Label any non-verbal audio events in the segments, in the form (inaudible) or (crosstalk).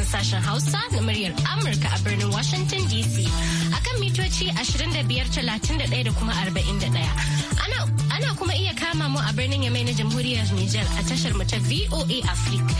nan sashen Hausa na muryar Amurka a birnin Washington DC. kan mitoci 2531 da kuma 41. Ana kuma iya kama mu a birnin Yamai na Jamhuriyar Nijar a tashar mu ta VOA Africa.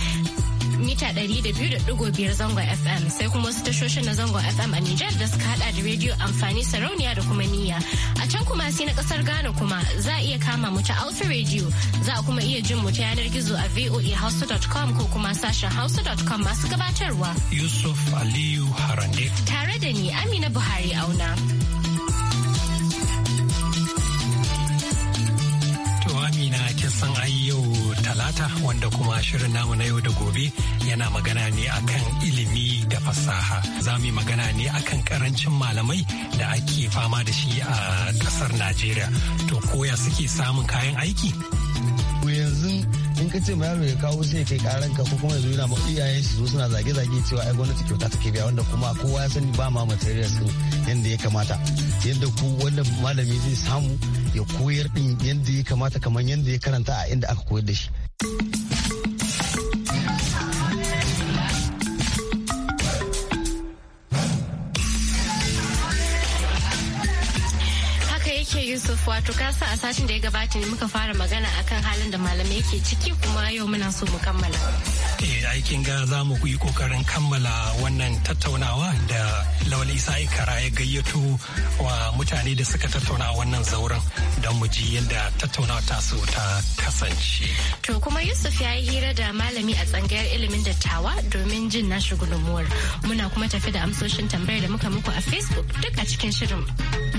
mita 200.5 zangon FM sai kuma wasu tashoshin na zangon FM a Nijar da suka haɗa da rediyo amfani sarauniya da kuma niyya. A kuma sai na kasar Ghana kuma za a iya kama mu ta Alpha Radio za a kuma iya jin mu ta yanar gizo a voahouse.com ko kuma sashen hausa.com masu gabatarwa. Yusuf Aliyu Harande. Tare da ni Amina Buhari auna. talata wanda kuma shirin namu na yau da gobe yana magana ne akan ilimi da fasaha. Za mu yi magana ne akan karancin malamai da ake fama da shi a kasar Najeriya. To koya suke samun kayan aiki? yanzu in ka ce yaro ya kawo sai kai karan ka ko kuma yanzu yana mafi iyayen shi suna zage-zage cewa ai gwamnati kyauta take biya wanda kuma kowa ya sani ba ma materials yanda yadda ya kamata yadda ku wanda malami zai samu ya koyar din yadda kamata kamar yadda ya karanta a inda aka koyar da shi. yake Yusuf wato kasa a satin da ya gabata ne muka fara magana akan halin da malamai ke ciki kuma yau muna so mu kammala. Eh, aikin ga za mu yi kokarin kammala wannan tattaunawa da lawal isa ikara ya gayyato wa mutane da suka tattauna a wannan zauren don mu ji yadda tattaunawa ta so ta kasance. To kuma Yusuf ya yi hira da malami a tsangayar ilimin dattawa domin jin nashi gudunmuwar. Muna kuma tafi da amsoshin tambayar da muka muku a Facebook duk a cikin shirin.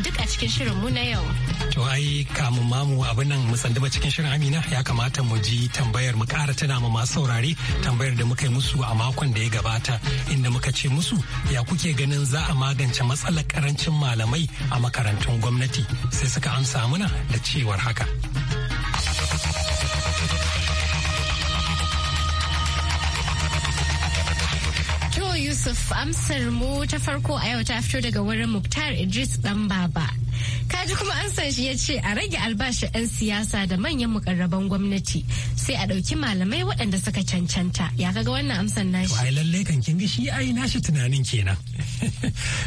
Duk a cikin shirin mu na yau. To ai kamun mamu abin nan mu cikin shirin Amina ya kamata mu ji tambayar mu kara tana ma masu saurare tambayar da muka yi musu a makon da ya gabata inda muka ce musu ya kuke ganin za a magance matsalar karancin malamai a makarantun gwamnati sai suka amsa muna da cewar haka. Yusuf amsar mu ta farko a yau ta fito daga wurin Muktar Idris dan baba. Kaji kuma an san shi ya ce a rage albashin 'yan siyasa da manyan mukarraban gwamnati sai a ɗauki malamai waɗanda suka cancanta ya kaga wannan amsan nashi. Wai lalle kan kin ga shi ai nashi tunanin kenan.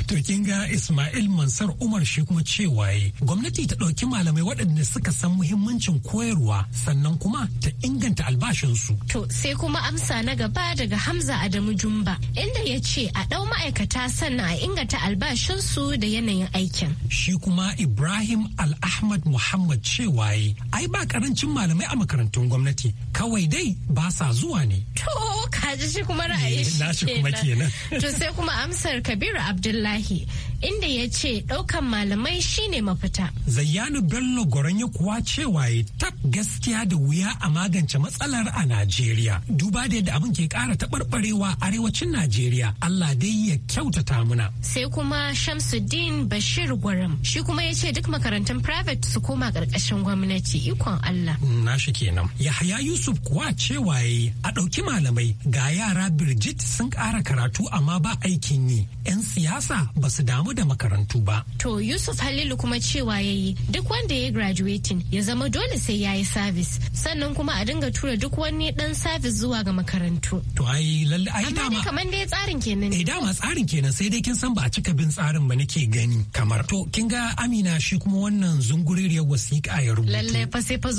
(laughs) to kin ga Ismail Mansar Umar shi kuma ce waye gwamnati ta ɗauki malamai waɗanda suka san muhimmancin koyarwa sannan kuma ta inganta albashinsu. To sai kuma amsa na gaba daga Hamza Adamu Jumba inda ya ce a ɗau ma'aikata sannan a inganta albashinsu da yanayin aikin. Shi kuma Ibrahim Al-Ahmad Muhammad waye. ai ba karancin malamai a makarantun gwamnati kawai dai ba sa zuwa ne. To kaji shi kuma eh, ra'ayi shi nashi kuma kenan. (laughs) To sai kuma amsar Kabiru Abdullahi inda ya ce ɗaukan malamai shine mafita. Zayyanu Bello ya kuwa cewa ya tab gaskiya da wuya a magance matsalar a Najeriya. Duba da yadda abin ke ƙara taɓarɓarewa arewacin Najeriya Allah dai ya kyautata muna. Sai kuma Shamsuddin Bashir Gwaram shi kuma ya ce duk makarantun private su koma ƙarƙashin gwamnati ikon Allah. Mm, nashi kenan. Yahaya ya Yusuf kuwa cewa yayi a ɗauki malamai ga yara birgit sun ƙara karatu amma ba aikin yi. 'Yan siyasa ba su damu da makarantu ba. To Yusuf Halilu kuma cewa ya yi duk wanda ya graduating ya zama dole sai ya yi service sannan kuma a dinga tura duk wani dan service zuwa ga makarantu. To ai lalle ai dama. Amma kamar dai tsarin kenan. Eh dama tsarin kenan sai dai kin san ba a cika bin tsarin ba nake gani kamar. To kin ga Amina shi kuma wannan zunguririyar wasiƙa ya rubuta. Lalle fa sai fa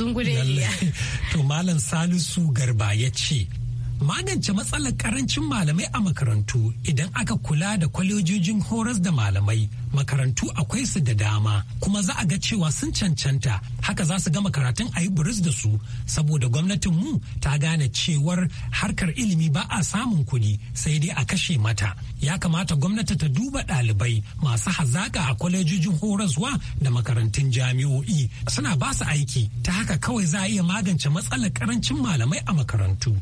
To Malam Salisu Garba ya ce. Magance matsalar karancin malamai a makarantu idan aka kula da kwalejojin horas da malamai makarantu akwai su da dama kuma za a ga cewa sun cancanta haka za su gama karatun a yi buris da su saboda gwamnatin mu ta gane cewar harkar ilimi ba a samun kudi sai dai a kashe mata ya kamata gwamnati ta duba ɗalibai masu hazaƙa a kwalejojin horaswa da makarantun jami'o'i suna ba su aiki ta haka kawai za a iya magance matsalar karancin malamai a makarantu.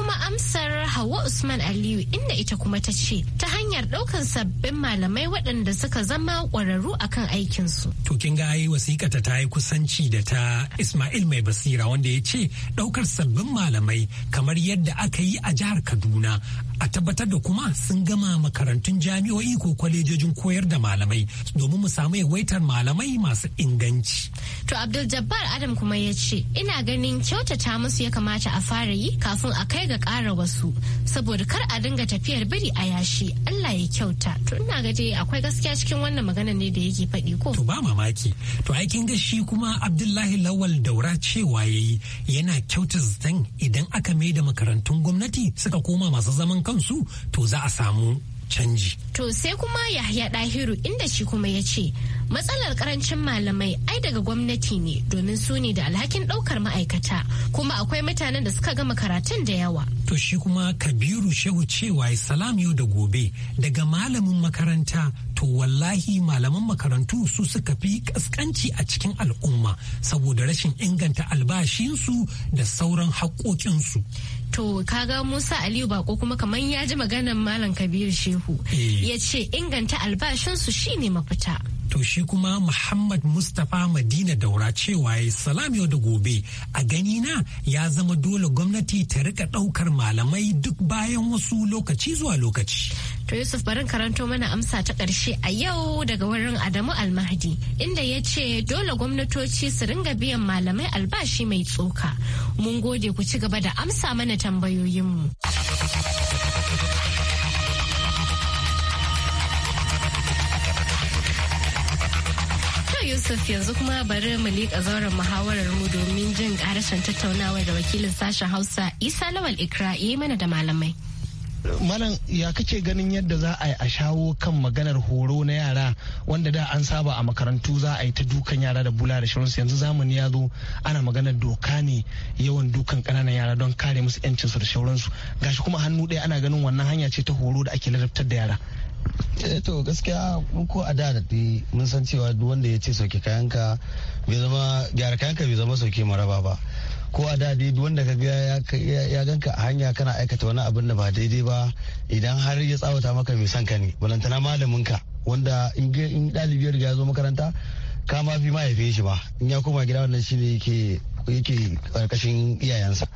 kuma amsar Hawa Usman Aliyu inda ita kuma ta ce ta hanyar ɗaukan sabbin malamai waɗanda suka zama ƙwararru akan aikinsu. To kin ga ai wasikata ta yi kusanci da ta Ismail Mai Basira wanda ya ce ɗaukar sabbin malamai kamar yadda aka yi a jihar Kaduna a tabbatar da kuma sun gama makarantun jami'o'i ko kwalejojin koyar da malamai domin mu samu yawaitar malamai masu inganci. To Abdul Jabbar Adam kuma ya ce ina ganin kyautata musu ya kamata a fara yi kafin a kai ga ƙara wasu saboda kar a dinga tafiyar biri a yashi Allah ya kyauta to ina ga dai akwai gaskiya cikin wannan magana ne da yake faɗi ko. To ba mamaki to ai ga shi kuma Abdullahi Lawal Daura cewa yayi yana kyauta zaton idan aka mai da makarantun gwamnati suka koma masu zaman kansu to za a samu canji. To sai kuma Yahya Dahiru inda shi kuma ya ce matsalar karancin malamai ai daga gwamnati ne domin su ne da alhakin daukar ma'aikata kuma akwai mutanen da suka gama karatun da yawa. To shi kuma Kabiru Shehu cewa salam yau da gobe daga malamin makaranta to wallahi malaman makarantu su suka fi kaskanci a cikin al'umma saboda rashin inganta albashinsu da sauran haƙoƙinsu. to kaga musa aliyu bako kuma kamar ya ji maganar malam kabiru shehu eh. ya ce inganta albashinsu shine mafita to shi kuma Muhammad Mustapha Madina Daura cewa ya salam yau da gobe a gani na ya zama dole gwamnati ta rika ɗaukar malamai duk bayan wasu lokaci zuwa lokaci. To Yusuf barin karanto mana amsa ta ƙarshe a yau daga wurin Adamu Almahdi inda ya ce dole gwamnatoci su ringa biyan malamai albashi mai tsoka. Mun gode ku ci gaba da amsa mana tambayoyinmu. Yusuf yanzu kuma bari mu liƙa zauren muhawarar mu domin jin ƙarashin tattaunawa da wakilin sashen Hausa Isa Lawal Ikra mana da malamai. malam ya kake ganin yadda za a yi a shawo kan maganar horo na yara wanda da an saba a makarantu za a yi ta dukan yara da bula da shirinsu yanzu zamani ya zo ana maganar doka ne yawan dukan kananan yara don kare musu 'yancinsu da shauransu gashi kuma hannu ɗaya ana ganin wannan hanya ce ta horo da ake ladabtar da yara eh, to gaskiya ko a da daɗi mun san cewa wanda ya ce sauke kayanka bai zama gyara kayanka bai zama sauke maraba ba ko a dadi wanda ka ga ya ganka a hanya kana aikata wani abin da ba daidai ba idan har ya tsawata maka mai son ka ne balantana malamin ka wanda in ɗalibi ya riga zo makaranta ka ma fi ma shi ba in ya koma gida wannan shine yake yake karkashin iyayensa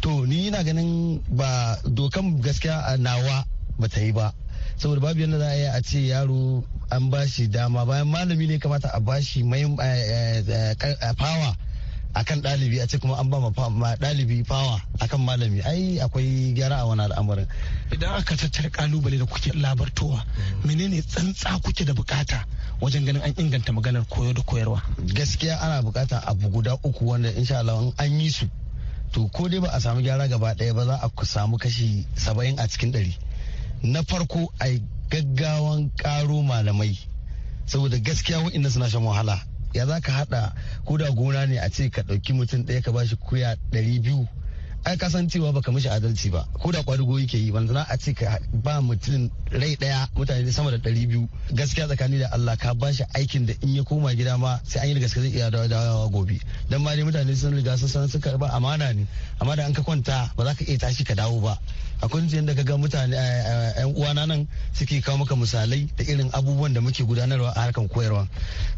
to ni ina ganin ba dokan gaskiya a nawa ba ta yi ba saboda babu yadda za a yi a ce yaro an bashi dama bayan malami ne kamata a ba shi fawa eh, eh, eh, akan ɗalibi a ce kuma an ba ma ɗalibi fawa akan malami ai akwai gyara a wani al'amarin idan aka tattara kalubale da kuke labartowa menene tsantsa kuke da bukata wajen ganin an inganta maganar koyo da koyarwa gaskiya ana bukata abu guda uku wanda insha an yi su to ko dai ba a samu gyara gaba ɗaya ba za a samu kashi saba'in a cikin ɗari na farko a gaggawan karo malamai saboda gaskiya wa'inda suna shan wahala ya za ka haɗa ko gona ne a ce ka ɗauki mutum ɗaya ka bashi kuya ɗari biyu ai ka san cewa baka mishi adalci ba ko da kwadugo yake yi banzana a ce ka ba mutum rai daya mutane sama da ɗari biyu gaskiya tsakani da Allah ka ba shi aikin da in ya koma gida ma sai an yi da gaske zai iya dawowa gobe dan ma dai mutane sun riga sun san suka ba amana ne amma da an ka kwanta ba za ka iya tashi ka dawo ba akwai yadda ka ga mutane yan eh, eh, uwana nan suke kawo maka misalai da irin abubuwan da muke gudanarwa a harkar koyarwa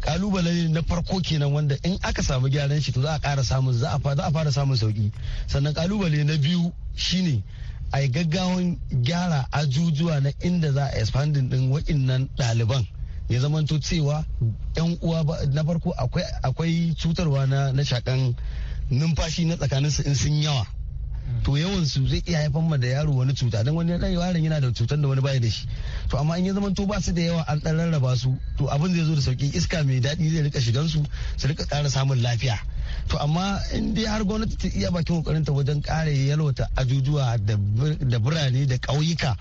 kalubale na farko kenan wanda in aka samu gyaran shi to za a ƙara samun za a fara samun sauki sannan kalubale kalubale na biyu shine a yi gaggawan gyara ajujuwa na inda za a expanding din wa'innan ɗaliban ya zamanto cewa yan uwa na farko akwai cutarwa na shakan numfashi na tsakaninsu in sun yawa to yawan su zai iya haifar ma da yaro wani cuta don wani dan yaron yana da cutar da wani baya da shi to amma in ya zama to ba su da yawa an ɗan rarraba su to abin zai zo da sauki iska mai daɗi zai rika shigan su su rika ƙara samun lafiya to amma in dai har gwamnati ta iya bakin kokarinta wajen ƙara yalwata ajujuwa da birane da ƙauyuka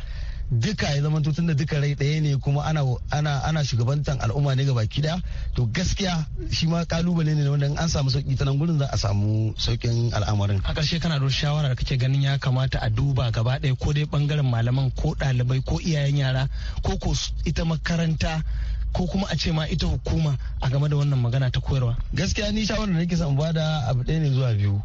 duka ya zama tun da duka rai ɗaya ne kuma ana ana ana shugabantan al'umma ne baki daya to gaskiya shi ma kalubale ne wanda an samu sauki ta nan gurin za a samu saukin al'amarin a ƙarshe kana da shawara da kake ganin ya kamata a duba gaba ɗaya ko dai bangaren malaman ko ɗalibai ko iyayen yara ko ko ita makaranta ko kuma a ce ma ita hukuma a game da wannan magana ta koyarwa gaskiya ni shawarar da nake son bada abu ɗaya ne zuwa biyu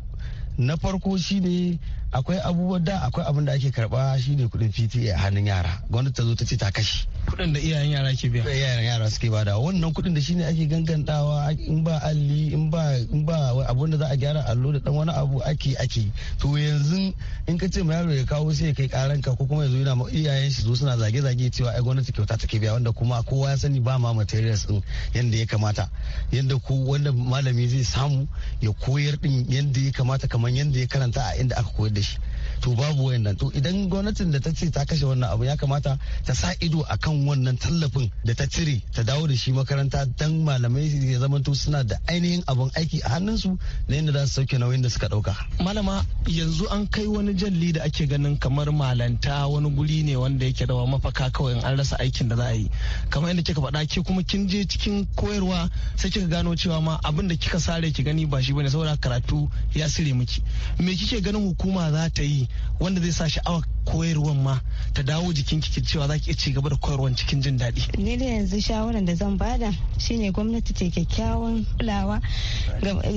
na farko shine akwai abubuwan da akwai abin da ake karba shine kudin PTA a hannun yara gwamnati ta zo ta ce ta kashe kudin da iyayen yara ke biya iyayen yara suke bada wannan kudin da shi ne ake gangantawa in ba alli in ba in ba abin da za a gyara allo da dan wani abu ake ake to yanzu in ka ce ma yaro ya kawo sai kai karan ka ko kuma yanzu yana ma iyayen shi zo suna zage zage cewa ai gwamnati kyauta take biya wanda kuma kowa ya sani ba ma materials din yanda ya kamata yanda ko wanda malami zai samu ya koyar din yanda ya kamata kamar kamar yadda ya karanta a inda aka koyar da shi to babu wayannan to idan gwamnatin da ta ce ta kashe wannan abu ya kamata ta sa ido a kan wannan tallafin da ta cire ta dawo da shi makaranta dan malamai ya zamanto suna da ainihin abun aiki a hannunsu na yadda za su sauke nauyin da suka ɗauka. malama yanzu an kai wani jalli da ake ganin kamar malanta wani guri ne wanda yake da mafaka kawai in an rasa aikin da za a yi kamar yadda kika faɗa ke kuma kin je cikin koyarwa sai kika gano cewa ma abin da kika sare ki gani ba shi bane saboda karatu ya sire miki me kike ganin hukuma za ta yi wanda zai sa sha'awa koyarwan ma ta dawo jikin ki cewa za ki ci gaba da koyarwan cikin jin daɗi. Ni da yanzu shawaran da zan bada shine gwamnati ce kyakkyawan kulawa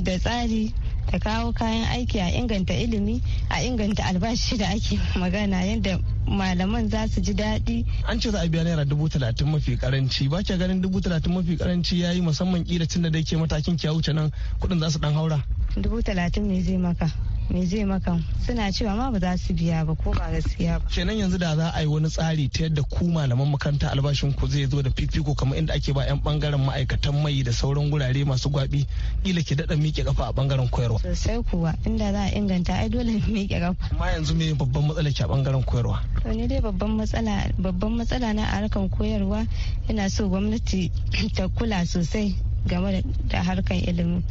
da tsari ta kawo kayan aiki a inganta ilimi a inganta albashi da ake magana yadda malaman za su ji daɗi. An ce za a biya naira dubu talatin mafi karanci ba ke ganin dubu talatin mafi karanci ya yi musamman kila tun da dai ke matakin kyawu wuce nan kuɗin za su ɗan haura. dubu talatin ne zai maka me zai maka suna cewa ma ba za su biya ba ko ba gaskiya ba kenan yanzu da za a yi wani tsari ta yadda ku malaman makaranta albashin ku zai zo da fifiko kamar inda ake ba yan bangaren ma'aikatan mai da sauran gurare masu gwabi kila ki dada miƙe kafa a bangaren koyarwa sosai kuwa inda za a inganta ai dole miƙe kafa amma yanzu me babban matsala ke a bangaren koyarwa to ni dai babban matsala babban matsala na a harkan koyarwa ina so gwamnati ta kula sosai game da harkan ilimi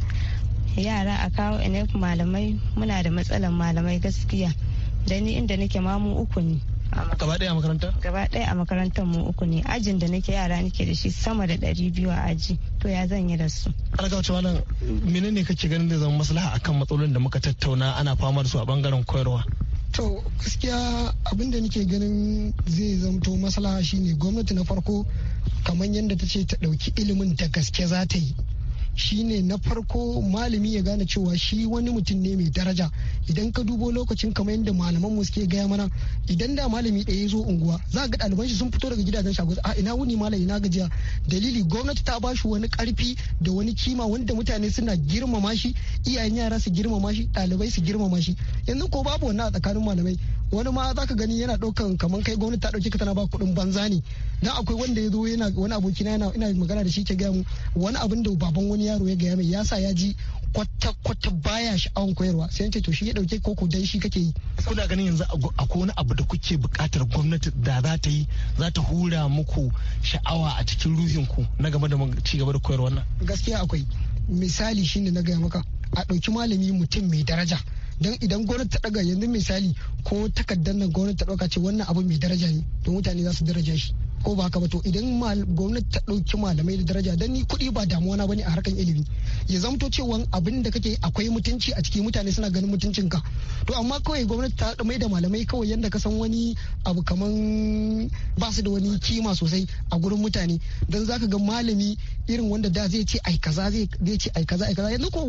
yara a kawo enef malamai muna da matsalan malamai gaskiya da ni inda nake mamu uku ne gaba daya a makaranta gaba daya a makarantar mu uku ne ajin da nake yara nake da shi sama da ɗari biyu a aji to ya zan yi da su arga wace malam menene kake ganin da zama maslaha akan matsalolin da muka tattauna ana fama da su a bangaren koyarwa to gaskiya abin da nake ganin zai zamto maslaha shine gwamnati na farko kamar yadda ta ce ta ɗauki ilimin da gaske za ta yi Shi ne na farko malami ya gane cewa shi wani mutum ne mai daraja idan ka dubo lokacin kamar yadda malaman mu suke gaya mana idan da malami ɗaya ya zo unguwa za ga ɗaliban shi sun fito daga gidajen shago a ah, ina wuni malami na gajiya dalili gwamnati ta ba shi wani karfi da wani kima wanda mutane suna girmama shi iyayen yara su girmama shi ɗalibai su girmama shi yanzu ko babu wannan a tsakanin malamai wani ma za ka gani yana ɗaukan kamar kai gwamnati ta ɗauki ka tana ba kuɗin banza ne dan akwai wanda ya zo yana wani abokina yana ina magana da shi ke gaya mu wani abin da baban wani yaro ya gaya mai ya sa ya ji kwata-kwata baya sha'awan koyarwa sai yanke to shi ya dauke koko dan shi kake yi kuna ganin yanzu ko wani abu da kuke bukatar gwamnati da za ta yi za ta hura muku sha'awa a cikin ruhin ku na game da ci gaba da koyarwa nan gaskiya akwai misali shine na gaya maka a ɗauki malami mutum mai daraja dan idan gwamnati ta daga yanzu misali ko takardar nan gwamnati ta dauka ce wannan abu mai daraja ne don mutane za su daraja shi ko ba haka ba to idan gwamnati ta ɗauki malamai da daraja dan ni kuɗi ba damuwa na bane a harkan ilimi ya zamto cewa abin da kake akwai mutunci a cikin mutane suna ganin mutuncin ka to amma kawai gwamnati ta mai da malamai kawai yanda ka san wani abu kaman ba su da wani kima sosai a gurin mutane dan zaka ga malami irin wanda da zai ce ai kaza zai ce ai kaza ai kaza yanzu ko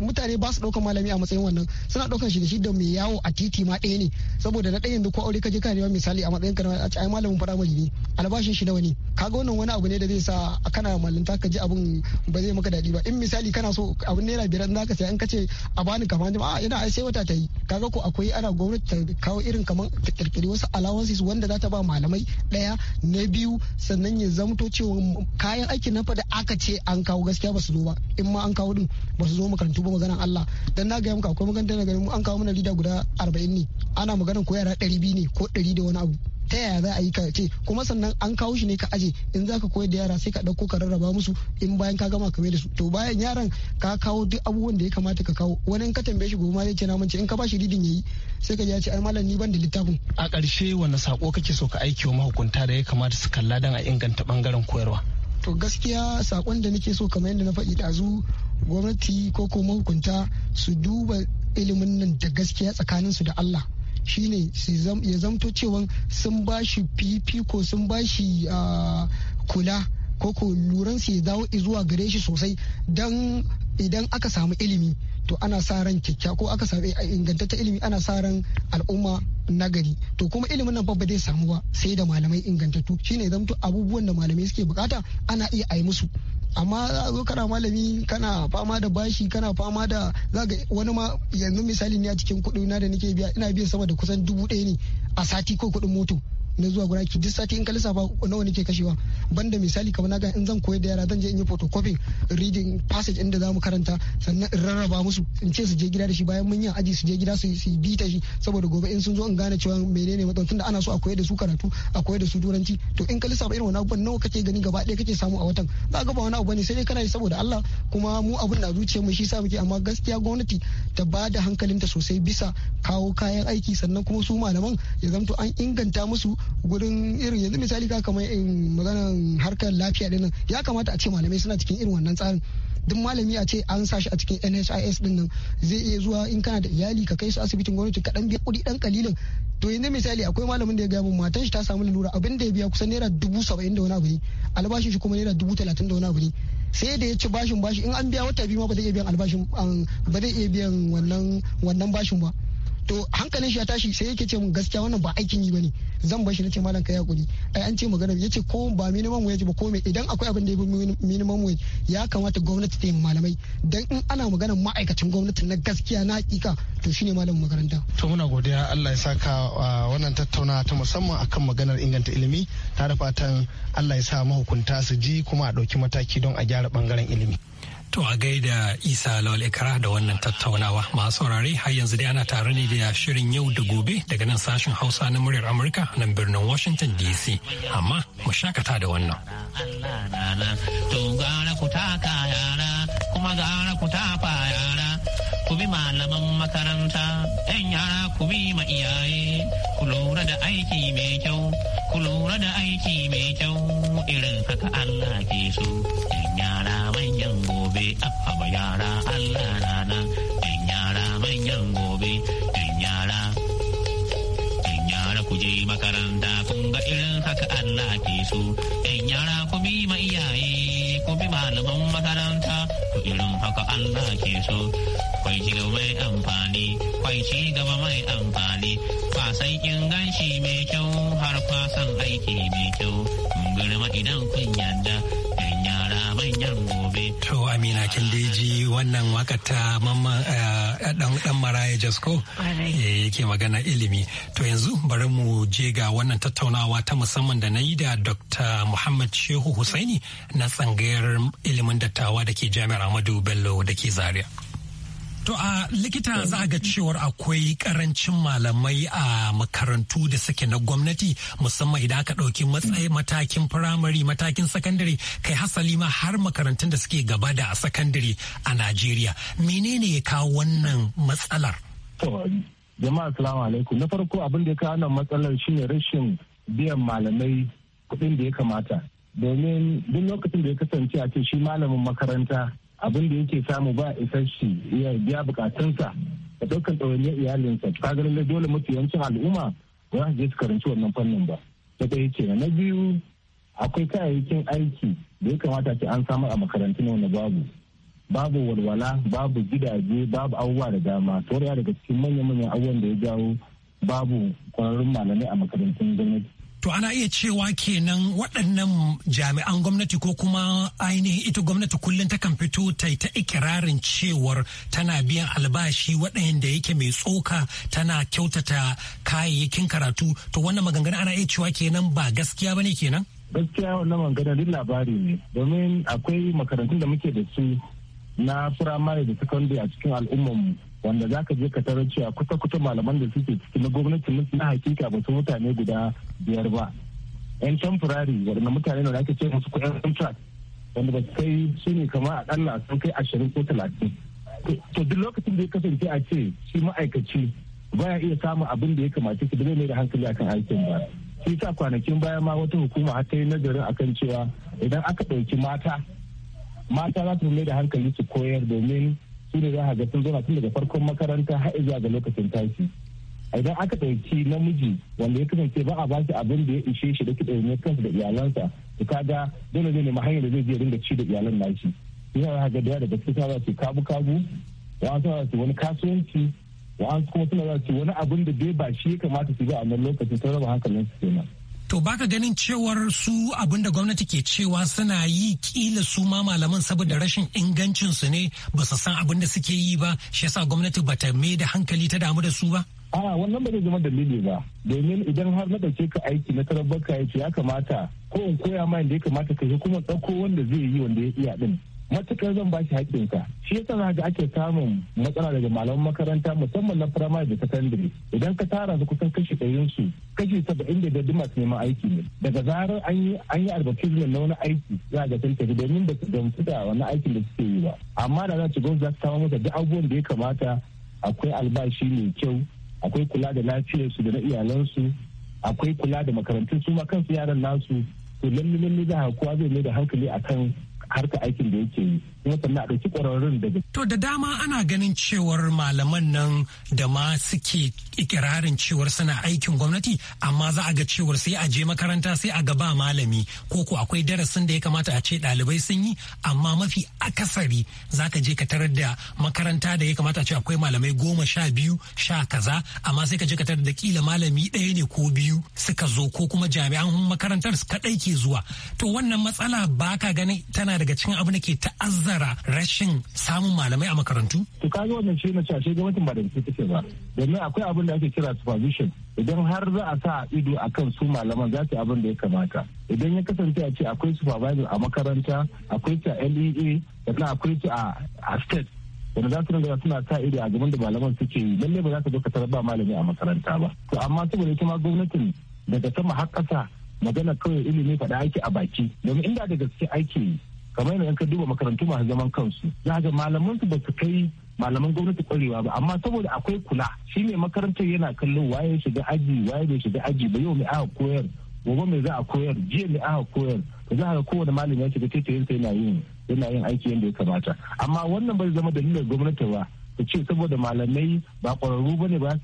mutane ba su ɗaukar malami a matsayin wannan suna ɗaukar shi da shi da mai yawo a titi ma ɗaya ne saboda na ɗayan da ko aure ka je ka nema misali a matsayin ka a ce ai malamin firamare ne albashin shi nawa ne kaga wannan wani abu ne da zai sa kana mallanta ka ji abun ba zai maka daɗi ba in misali kana so abun naira biyar za ka sai an kace a bani kaman jama'a ina ai sai wata ta yi kaga ko akwai ana gwamnati ta kawo irin kaman ta kirkiri wasu allowances wanda za ta ba malamai ɗaya na biyu sannan ya zamto cewa kayan aikin na fada aka ce an kawo gaskiya ba su zo ba in ma an kawo din ba su zo makarantu ba maganan Allah dan na ga yamka akwai maganar da an kawo mana lida guda 40 ne ana maganar ko yara 200 ne ko 100 da wani abu ta yaya za a yi ka ce kuma sannan an kawo shi ne ka aje in za ka koyar da yara sai ka ɗauko ka rarraba musu in bayan ka gama ka da su to bayan yaran ka kawo duk abubuwan da ya kamata ka kawo wani in ka tambaye shi gobe ma zai ce na mance in ka ba shi ridin yi sai ka ji ya ce ai malam ni ban da littafin a ƙarshe wani sako kake so ka aiki wa mahukunta da ya kamata su kalla dan a inganta bangaren koyarwa to gaskiya sakon da nake so kamar yadda na faɗi ɗazu gwamnati ko ko mahukunta su duba ilimin nan da gaskiya tsakaninsu da Allah shine ya zamto cewa sun ba shi fifiko sun ba shi kula ko ko luran su ya dawo zuwa gare shi sosai don idan aka samu ilimi to ana sa ran kyakkya ko aka samu eh, ingantaccen ilimi ana sa ran al'umma na gari to kuma ilimin nan babba zai samu ba sai da malamai ingantattu shine zamto abubuwan da malamai suke bukata ana iya ayi musu amma za zo kana malami kana fama da bashi kana fama da zaga wani ma yanzu misali ne a cikin kuɗi na da nake biya ina biya sama da kusan dubu ɗaya ne a sati ko kuɗin moto na zuwa gura ki duk sati in ka lissafa nawa nake kashewa banda misali kamar na ga in zan koyar da yara zan je in yi photocopy reading passage inda za mu karanta sannan in rarraba musu in ce su je gida da shi bayan mun yi aji su je gida su bi bita shi saboda gobe in sun zo in gane cewa menene matsalar tunda ana so a koyar da su karatu a koyar da su turanci to in ka lissafa irin wani abubuwan nawa kake gani gaba ɗaya kake samu a watan za ga ba wani abu ne sai dai kana yi saboda Allah kuma mu abin da zuciyar mu shi sa muke amma gaskiya gwamnati ta ba da hankalinta sosai bisa kawo kayan aiki sannan kuma su malaman ya zamto an inganta musu Gudun irin yanzu misali ka kamar in maganan harkar lafiya dinnan ya kamata a ce malamai suna cikin irin wannan tsarin duk malami a ce an sa shi a cikin NHIS din nan zai iya zuwa in kana da iyali ka kai su asibitin gwamnati ka dan biya kuɗi dan kalilin to yanzu misali akwai malamin da ya gaya min matan shi ta samu lalura abin da ya biya kusan naira dubu saba'in da wani abu ne albashin shi kuma naira dubu talatin da wani abu ne sai da ya ci bashin bashi in an biya wata biyu ma ba zai iya biyan albashin um, ba zai iya biyan wannan wannan bashin ba to hankalin shi ya tashi sai yake ce mun gaskiya wannan ba aikin yi bane zan bar shi nace malam kai hakuri ai an ce magana yace ko ba minimum wage ba ko me idan akwai abin da ya minimum wage ya kamata gwamnati ta yi malamai dan in ana magana ma'aikacin gwamnati na gaskiya na hakika to shine malamin makaranta to muna godiya Allah ya saka ah, wannan tattaunawa ta musamman akan maganar inganta ilimi tare fatan Allah ya sa mahukunta su ji kuma a dauki mataki don a gyara bangaren ilimi To a gaida Isa Lawal Ikra da wannan tattaunawa masu saurare har yanzu dai ana tare ne da shirin yau da gobe daga nan sashen Hausa na muryar Amurka nan birnin Washington DC amma mu shakata da wannan. To gara ku yara kuma gara ku tafa yara ku bi malaman makaranta, ‘yan yara ku bi ma iyaye, ku lura da aiki mai kyau, ku lura da aiki mai kyau, irin haka Allah ke so. ‘Yan yara manyan gobe, abba yara Allah rana, ‘yan yara manyan gobe, ‘yan yara. ‘Yan yara ku je makaranta, kun ga irin haka Allah ke so. Allah ke so. Kwai ci gaba mai amfani, kwai ci gaba mai amfani, kwasan ganshi mai kyau har kwasan aiki mai kyau. Mun girma idan kun yadda gobe. To Amina kin ji wannan wakar ta eh, ɗan dan Maraya Jasko eh, yake magana ilimi. To yanzu bari mu je ga wannan tattaunawa ta musamman da na yi da Dr. Muhammad Shehu Hussaini na tsangayar ilimin dattawa da ke Jami'ar Ahmadu Bello da ke Zaria. To a likita za a ga cewar akwai karancin malamai a makarantu da suke na gwamnati musamman idan aka ɗauki matsayi matakin firamare matakin sakandare kai hasali ma har makarantun da suke gaba da sakandare a Najeriya. Menene ya kawo wannan matsalar? jama'a salamu alaikum na farko abin da ya kawo wannan matsalar shine rashin biyan malamai kuɗin da ya kamata domin duk lokacin da ya kasance a ce shi malamin makaranta abin da yake samu ba isasshe ya biya bukatunsa da dukkan ɗawainiyar iyalinsa ta ga dole mafi yancin al'umma ba za su je su karanci wannan fannin ba da yi ce na biyu akwai kayayyakin aiki da ya kamata ce an samar a makarantu na wanda babu babu walwala babu gidaje babu abubuwa da dama sauraya daga cikin manya-manyan abubuwan da ya jawo babu kwararrun malamai a makarantun gwamnati to ana iya cewa kenan waɗannan jami'an gwamnati ko kuma ainihin ita gwamnati kullum takan fito ta ta ikirarin cewar tana biyan albashi waɗanda yake mai tsoka tana kyautata kayayyakin karatu to wannan maganganu ana iya cewa kenan ba gaskiya bane kenan gaskiya wannan magana duk labari ne domin akwai makarantun da muke da su na firamare da sakandare a cikin al'ummarmu wanda za ka je ka tarar cewa kusa kuta malaman da suke ciki na gwamnati mutu na hakika ba su mutane guda biyar ba yan temporary wadanda mutane da ake ce musu kuɗin contract wanda ba kai su ne kamar aƙalla sun kai ashirin ko talatin to duk lokacin da ya kasance a ce shi ma'aikaci baya iya samun abin da ya kamata su ba ne mai da hankali akan aikin ba shi sa kwanakin baya ma wata hukuma har ta yi nazarin akan cewa idan aka ɗauki mata mata za su mai da hankali su koyar domin su ne za ga sun zauna tun daga farkon makaranta har zuwa ga lokacin tashi idan aka ɗauki namiji wanda ya kasance ba a ba shi abin da ya ishe shi da kiɗa kansa da iyalansa to kaga dole ne ma hanyar da zai je dinga ci da iyalan nashi yana za ga da daga cikin sa su kabu kabu wa'an za su wani kasuwanci wa'an kuma suna su wani abin da dai ba shi ya kamata su ga a nan lokacin sun raba hankalin su kenan To baka ganin cewar su abinda gwamnati ke cewa suna yi kila su ma malaman saboda rashin ingancin su ne ba su san abin da suke yi ba shi yasa gwamnati ba ta mai da hankali ta damu da su ba. A wannan ba zai zama dalili ba domin idan har na ɗauke ka aiki na tarar baka ya ce ya kamata ko in koya ma da ya kamata ka yi kuma ɗauko wanda zai yi wanda ya iya din. matukar zan ba shi ka. shi yasa za ga ake samun matsala daga malaman makaranta musamman na firamare da sakandare idan ka tara su kusan kashi ɗayan su kashi saba'in da biyar masu neman aiki ne daga zarar an yi an yi advertisement na wani aiki za ga sun tafi domin ba su gamsu da wani aikin da suke yi ba amma da za ci gwamnati za ta kawo masa duk abubuwan da ya kamata akwai albashi mai kyau akwai kula da lafiyarsu da na iyalan su. akwai kula da makarantun su ma kansu yaran nasu to lalle lalle za kowa zai mai da hankali akan harka aikin da yake yi kuma sannan a ɗauki ƙwararrun daga. To da dama ana ganin cewar malaman nan da ma suke ikirarin cewar suna aikin gwamnati amma za a ga cewar sai a je makaranta sai a ga ba malami ko ko akwai darasin da ya kamata a ce ɗalibai sun yi amma mafi akasari za ka je ka tarar da makaranta da ya kamata a ce akwai malamai goma sha biyu sha kaza amma sai ka je ka tarar da kila malami ɗaya ne ko biyu suka zo ko kuma jami'an makarantar kaɗai ke zuwa to wannan matsala ba ka ganin tana da daga cikin abu ne ke ta'azzara rashin samun malamai a makarantu? To kaga wannan shi na cewa shi gwamnatin ba da take ba. Domin akwai abin da ake kira supervision idan har za a sa ido a kan su malaman za su abin da ya kamata idan ya kasance a ce akwai supervisor a makaranta akwai ta lea sannan akwai ta a state wani za su ringa suna sa ido a gaban da malaman suke yi lallai ba za su dakatar ba malami a makaranta ba to amma saboda ita ma gwamnatin daga sama har ƙasa magana kawai ilimi faɗa aiki a baki domin inda da gaske aiki kamar yadda ka duba makarantu masu zaman kansu za ga malaman su ba su kai malaman gwamnati kwarewa ba amma saboda akwai kula shi ne makarantar yana kallo waye shiga aji waye bai shiga aji ba yau mai aka koyar gobe mai za a koyar jiya mai aka koyar to za ga kowane malami ya shiga tetayen yana yin yana yin aiki yadda ya kamata amma wannan bai zama dalilin gwamnati ba ta ce saboda malamai ba kwararru ba ne ba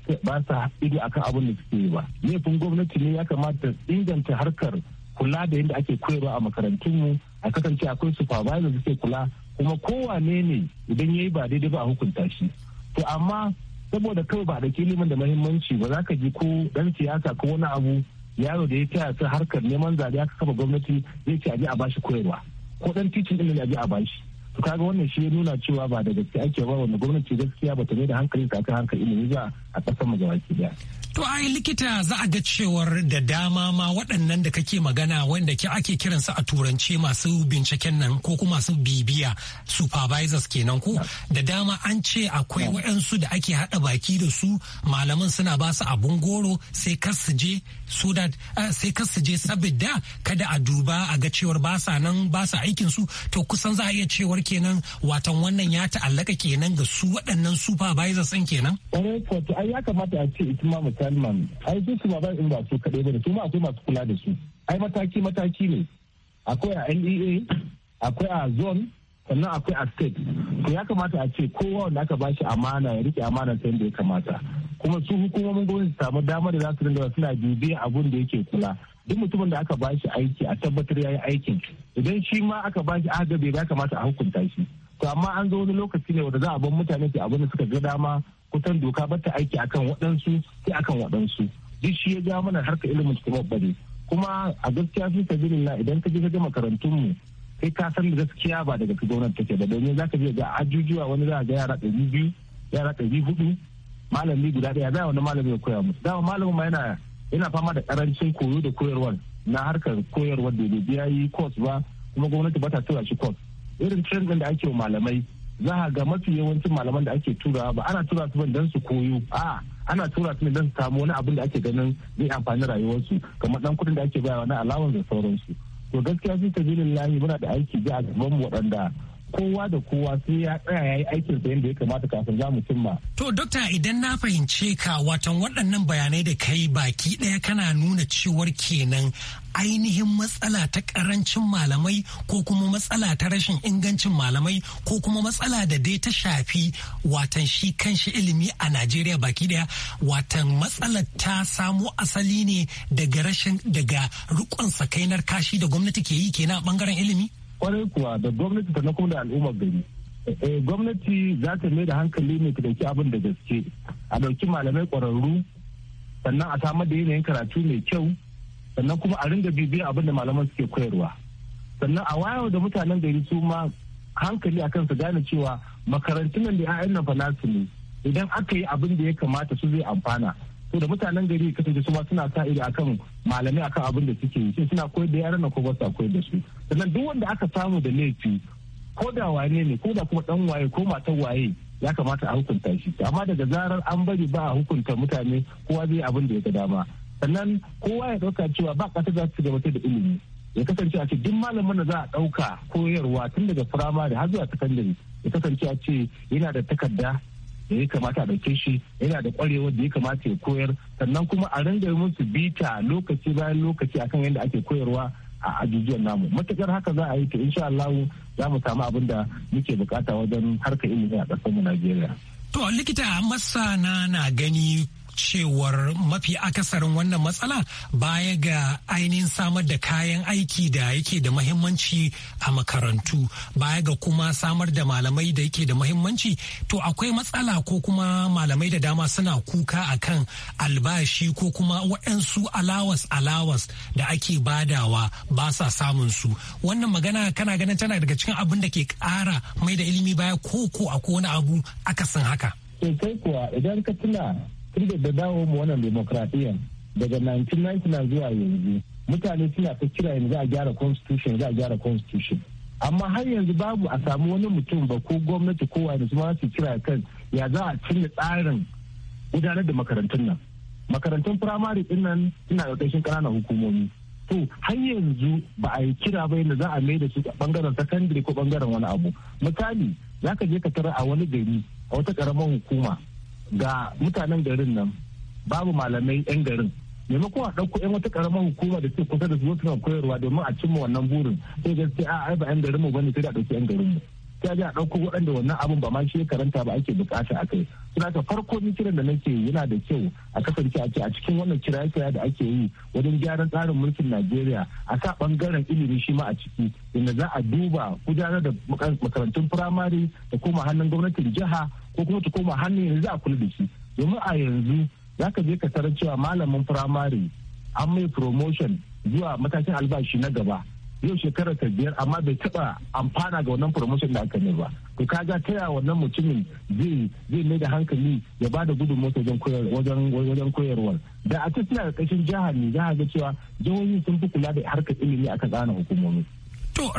sa ido akan abin da suke yi ba laifin gwamnati ne ya kamata inganta harkar kula da yadda ake koyarwa a makarantunmu a kasance akwai supervisor da sai kula kuma kowane ne idan ya yi ba daidai ba a hukunta shi to amma saboda kawai ba da kilimin da mahimmanci ba za ka ji ko dan siyasa ko wani abu yaro da ya taya ta harkar neman zaɓe aka kafa gwamnati zai ce a a bashi koyarwa ko dan titin din ne a a bashi to kaga wannan shi ya nuna cewa ba da gaske ake ba wanda gwamnati gaskiya ba ta mai da hankali ta kan hankali ilimi ba a ƙasar mu gaba daya To ai likita za a ga cewar da dama ma waɗannan da kake magana wanda ke ake kiransu a turance masu binciken nan ko kuma masu bibiya supervisors kenan ko da dama an ce akwai waɗansu da ake haɗa baki da su malaman suna ba su abun goro sai kar su je so that eh, sai kar su je saboda kada a duba a ga cewar ba sa nan ba sa aikin su to kusan za a iya cewar kenan watan wannan ya ta'allaka kenan ga su waɗannan supervisors ɗin kenan? Ƙwarai eh, ai ya kamata a ce ita ma musamman ai su supervisors ɗin ba su kaɗai ba da su ma akwai masu kula da su. Ai mataki mataki ne akwai a NEA akwai a zone sannan akwai a state to ya kamata a ce kowa wanda aka shi amana ya rike amana ta yadda ya kamata kuma su hukumomin gwamnati su samu damar da za su dinga suna bibiyar abun da yake kula. duk mutumin da aka bashi aiki a tabbatar ya yi aikin idan shi ma aka bashi agabe ya kamata a hukunta shi to amma an zo wani lokaci ne wanda za a bar mutane ke abin da suka ga dama kusan doka bata aiki akan waɗansu sai akan waɗansu duk shi ya ja mana harka ilimin cikin babbare kuma a gaskiya fi na idan ka je ka ga makarantun mu sai ka san da gaskiya ba daga gwamnati take da domin ka je ga ajujuwa wani za ga yara ɗari biyu yara ɗari hudu malami guda ɗaya za a wani malami ya koya musu dama malamin ma yana Ina fama da karancin koyo da koyarwar na harkar koyarwa da bai ya yi course ba kuma gwamnati ba ta tura shi course irin training da ake wa malamai za a ga mafi yawancin malaman da ake turawa ba ana tura su don su koyo a ana tura su don su samu wani abin da ake ganin zai amfani rayuwarsu kamar dan kuɗin da ake bayarwa na alawan da sauransu to gaskiya sai ta lahi muna da aiki ga a gaban waɗanda kowa da kowa sai ya tsaya ya yi aikin sa yadda ya kamata kafin za mu cimma. To dokta idan na fahimce ka watan waɗannan bayanai da ka yi baki ɗaya kana nuna cewar kenan ainihin matsala ta ƙarancin malamai ko kuma matsala ta rashin ingancin malamai ko kuma matsala da dai ta shafi watan shi kan shi ilimi a Najeriya baki ɗaya watan matsalar ta samo asali ne daga rashin daga rukun sakainar kashi da gwamnati ke yi kenan a bangaren ilimi? kwarai kuwa da gwamnati sannan kuma da al'ummar gari eh, gwamnati za ta mai da hankali ne ta dauki abin da gaske a dauki malamai kwararru sannan a samar da yanayin karatu mai kyau sannan kuma a ringa bibiyar abin da malaman suke koyarwa sannan a wayar da mutanen gari su ma hankali a kansu gane cewa makarantunan da 'ya'yan nan fa nasu ne idan aka yi abin da ya kamata su zai amfana to da mutanen gari kasance su ma suna sa ido akan malamai akan abin da suke yi suna koyar da yaran ko ba da su sannan duk wanda aka samu da laifi ko da wane ne ko da kuma dan waye ko matan waye ya kamata a hukunta shi amma daga zarar an bari ba a hukunta mutane kowa zai abin da ya ga dama sannan kowa ya dauka cewa ba kasa za su gabatar da ilimi ya kasance a ce duk malamin da za a dauka koyarwa tun daga firamare har zuwa sakandare ya kasance a ce yana da takarda da ya kamata a ɗauke shi yana da ƙwarewar da ya kamata ya koyar sannan kuma a ringa musu bita lokaci bayan lokaci akan yadda ake koyarwa a ajujuwan namu matakar haka za a yi ta insha Allah za mu samu abin da muke bukata wajen harkar ilimi a ƙasar mu Najeriya. To likita masana na gani cewar mafi akasarin wannan matsala baya ga ainihin samar da kayan aiki da yake da mahimmanci a makarantu baya ga kuma samar da malamai da yake da mahimmanci to akwai matsala ko kuma malamai da dama suna kuka akan albashi ko kuma waɗansu alawas alawas da ake badawa ba sa samun su wannan magana kana ganin tana daga cikin abin da ke ƙara mai da ilimi baya ko ko akwai wani abu akasin haka. Sai kuwa idan ka tuna tun da dawo mu wannan demokradiyya daga 1999 zuwa yanzu mutane suna ta kira yanzu a gyara constitution za a gyara constitution amma har yanzu babu a samu wani mutum ba ko gwamnati ko wani su ma su kira kan ya za a cinye tsarin gudanar da makarantun nan makarantun firamare din nan suna da ƙarƙashin ƙananan hukumomi to har yanzu ba a yi kira ba yadda za a mai da su bangaren sakandare ko bangaren wani abu misali za ka je ka tara a wani gari a wata ƙaramar hukuma ga mutanen garin nan babu malamai 'yan garin maimakon a ɗauko 'yan wata ƙaramar hukuma da ke kusa da su suna koyarwa domin a cimma wannan burin sai gaskiya a ba 'yan garin mu bane sai da ɗauki 'yan garin mu sai a ɗauko waɗanda wannan abin ba ma shi karanta ba ake bukata a kai suna ta farko ni kiran da nake yana da kyau a kasance a a cikin wannan kiraya da ake yi wajen gyaran tsarin mulkin Najeriya a sa ɓangaren ilimi shi ma a ciki inda za a duba gudanar da makarantun firamare da koma hannun gwamnatin jiha ko kuma ta koma hannun yanzu a kula da shi domin a yanzu za ka je ka tarar cewa malamin firamare an mai promotion zuwa matakin albashi na gaba yau shekarar ta biyar amma bai taba amfana ga wannan promotion da aka yi ba to kaga taya wannan mutumin zai zai mai da hankali ya ba da gudunmawa wajen wajen wajen koyarwar da a cikin kashin jihar ne za ga cewa jihohi sun fi kula da harkar ilimi aka tsana hukumomi To,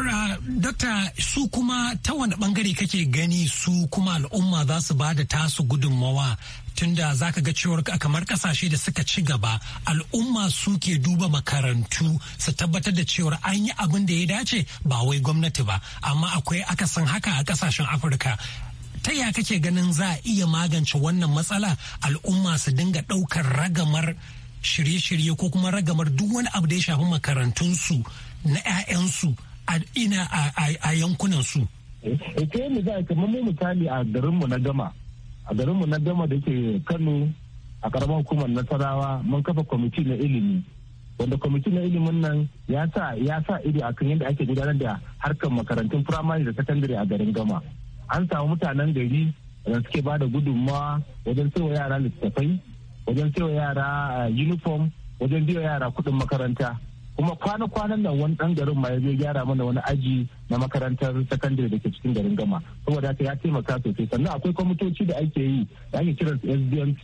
Dokta, su kuma ta wani bangare kake gani su kuma al'umma za su ba da tasu gudunmawa tunda za ka ga cewar kamar kasashe da suka ci gaba al'umma suke duba makarantu su tabbatar da cewar an yi abin da ya dace ba wai gwamnati ba amma akwai akasin haka a kasashen afirka ta ya kake ganin za a iya magance wannan matsala al'umma su dinga ɗaukar ragamar shirye-shirye ko kuma ragamar duk wani abu da ya shafi makarantunsu na 'ya'yansu a ina a yankunansu. Ita eh, eh, mu za kamar mu misali a garinmu na gama a garinmu na dama da ke kano a karamar hukumar nasarawa mun kafa kwamiti na ilimi wanda kwamiti na ilimin nan ya sa ya sa ido akan yadda ake gudanar da harkar makarantun firamare da sakandare a garin gama an samu mutanen gari da suke ba da gudunmawa wajen sayo yara littattafai wajen sayo yara eh, uniform wajen biyo yara kudin makaranta kuma kwana-kwanan nan wani dan garin ma ya zo gyara mana wani aji na makarantar sakandare da ke cikin garin gama saboda haka ya taimaka sosai sannan akwai kwamitoci da ake yi da ake kiran su sdmt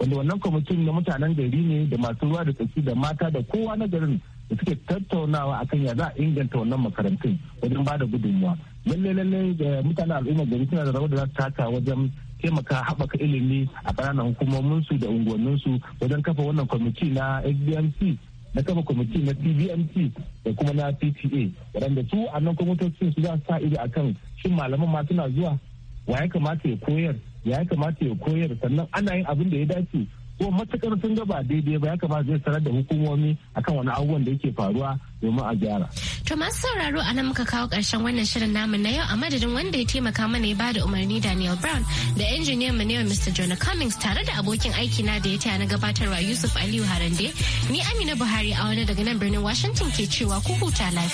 wanda wannan kwamitin na mutanen gari ne da masu ruwa da tsaki da mata da kowa na garin da suke tattaunawa akan ya za a inganta wannan makarantun wajen ba da gudunmuwa lallai lallai da mutanen al'ummar gari suna da rawar da za su taka wajen taimaka haɓaka ilimi a ƙananan hukumominsu da unguwanninsu wajen kafa wannan kwamiti na sdmt na kafa kwamiti na tbmc da kuma na pta waɗanda su a nan kwamitocin su za sa ido akan shin malaman ma suna zuwa wa ya kamata ya koyar ya kamata ya koyar sannan ana yin abin da ya dace ko matakar sun ga ba daidai ba ya kamata zai sanar da hukumomi akan wani abubuwan da yake faruwa domin a gyara. To masu sauraro a nan muka kawo ƙarshen wannan shirin namu na yau a madadin wanda ya taimaka mana ya bada umarni Daniel Brown da injiniyan mu yau Mr. Jonah Cummings tare da abokin aiki na da ya taya na gabatarwa Yusuf Aliyu Harande ni Amina Buhari a wani daga nan birnin Washington ke cewa ku huta lafiya.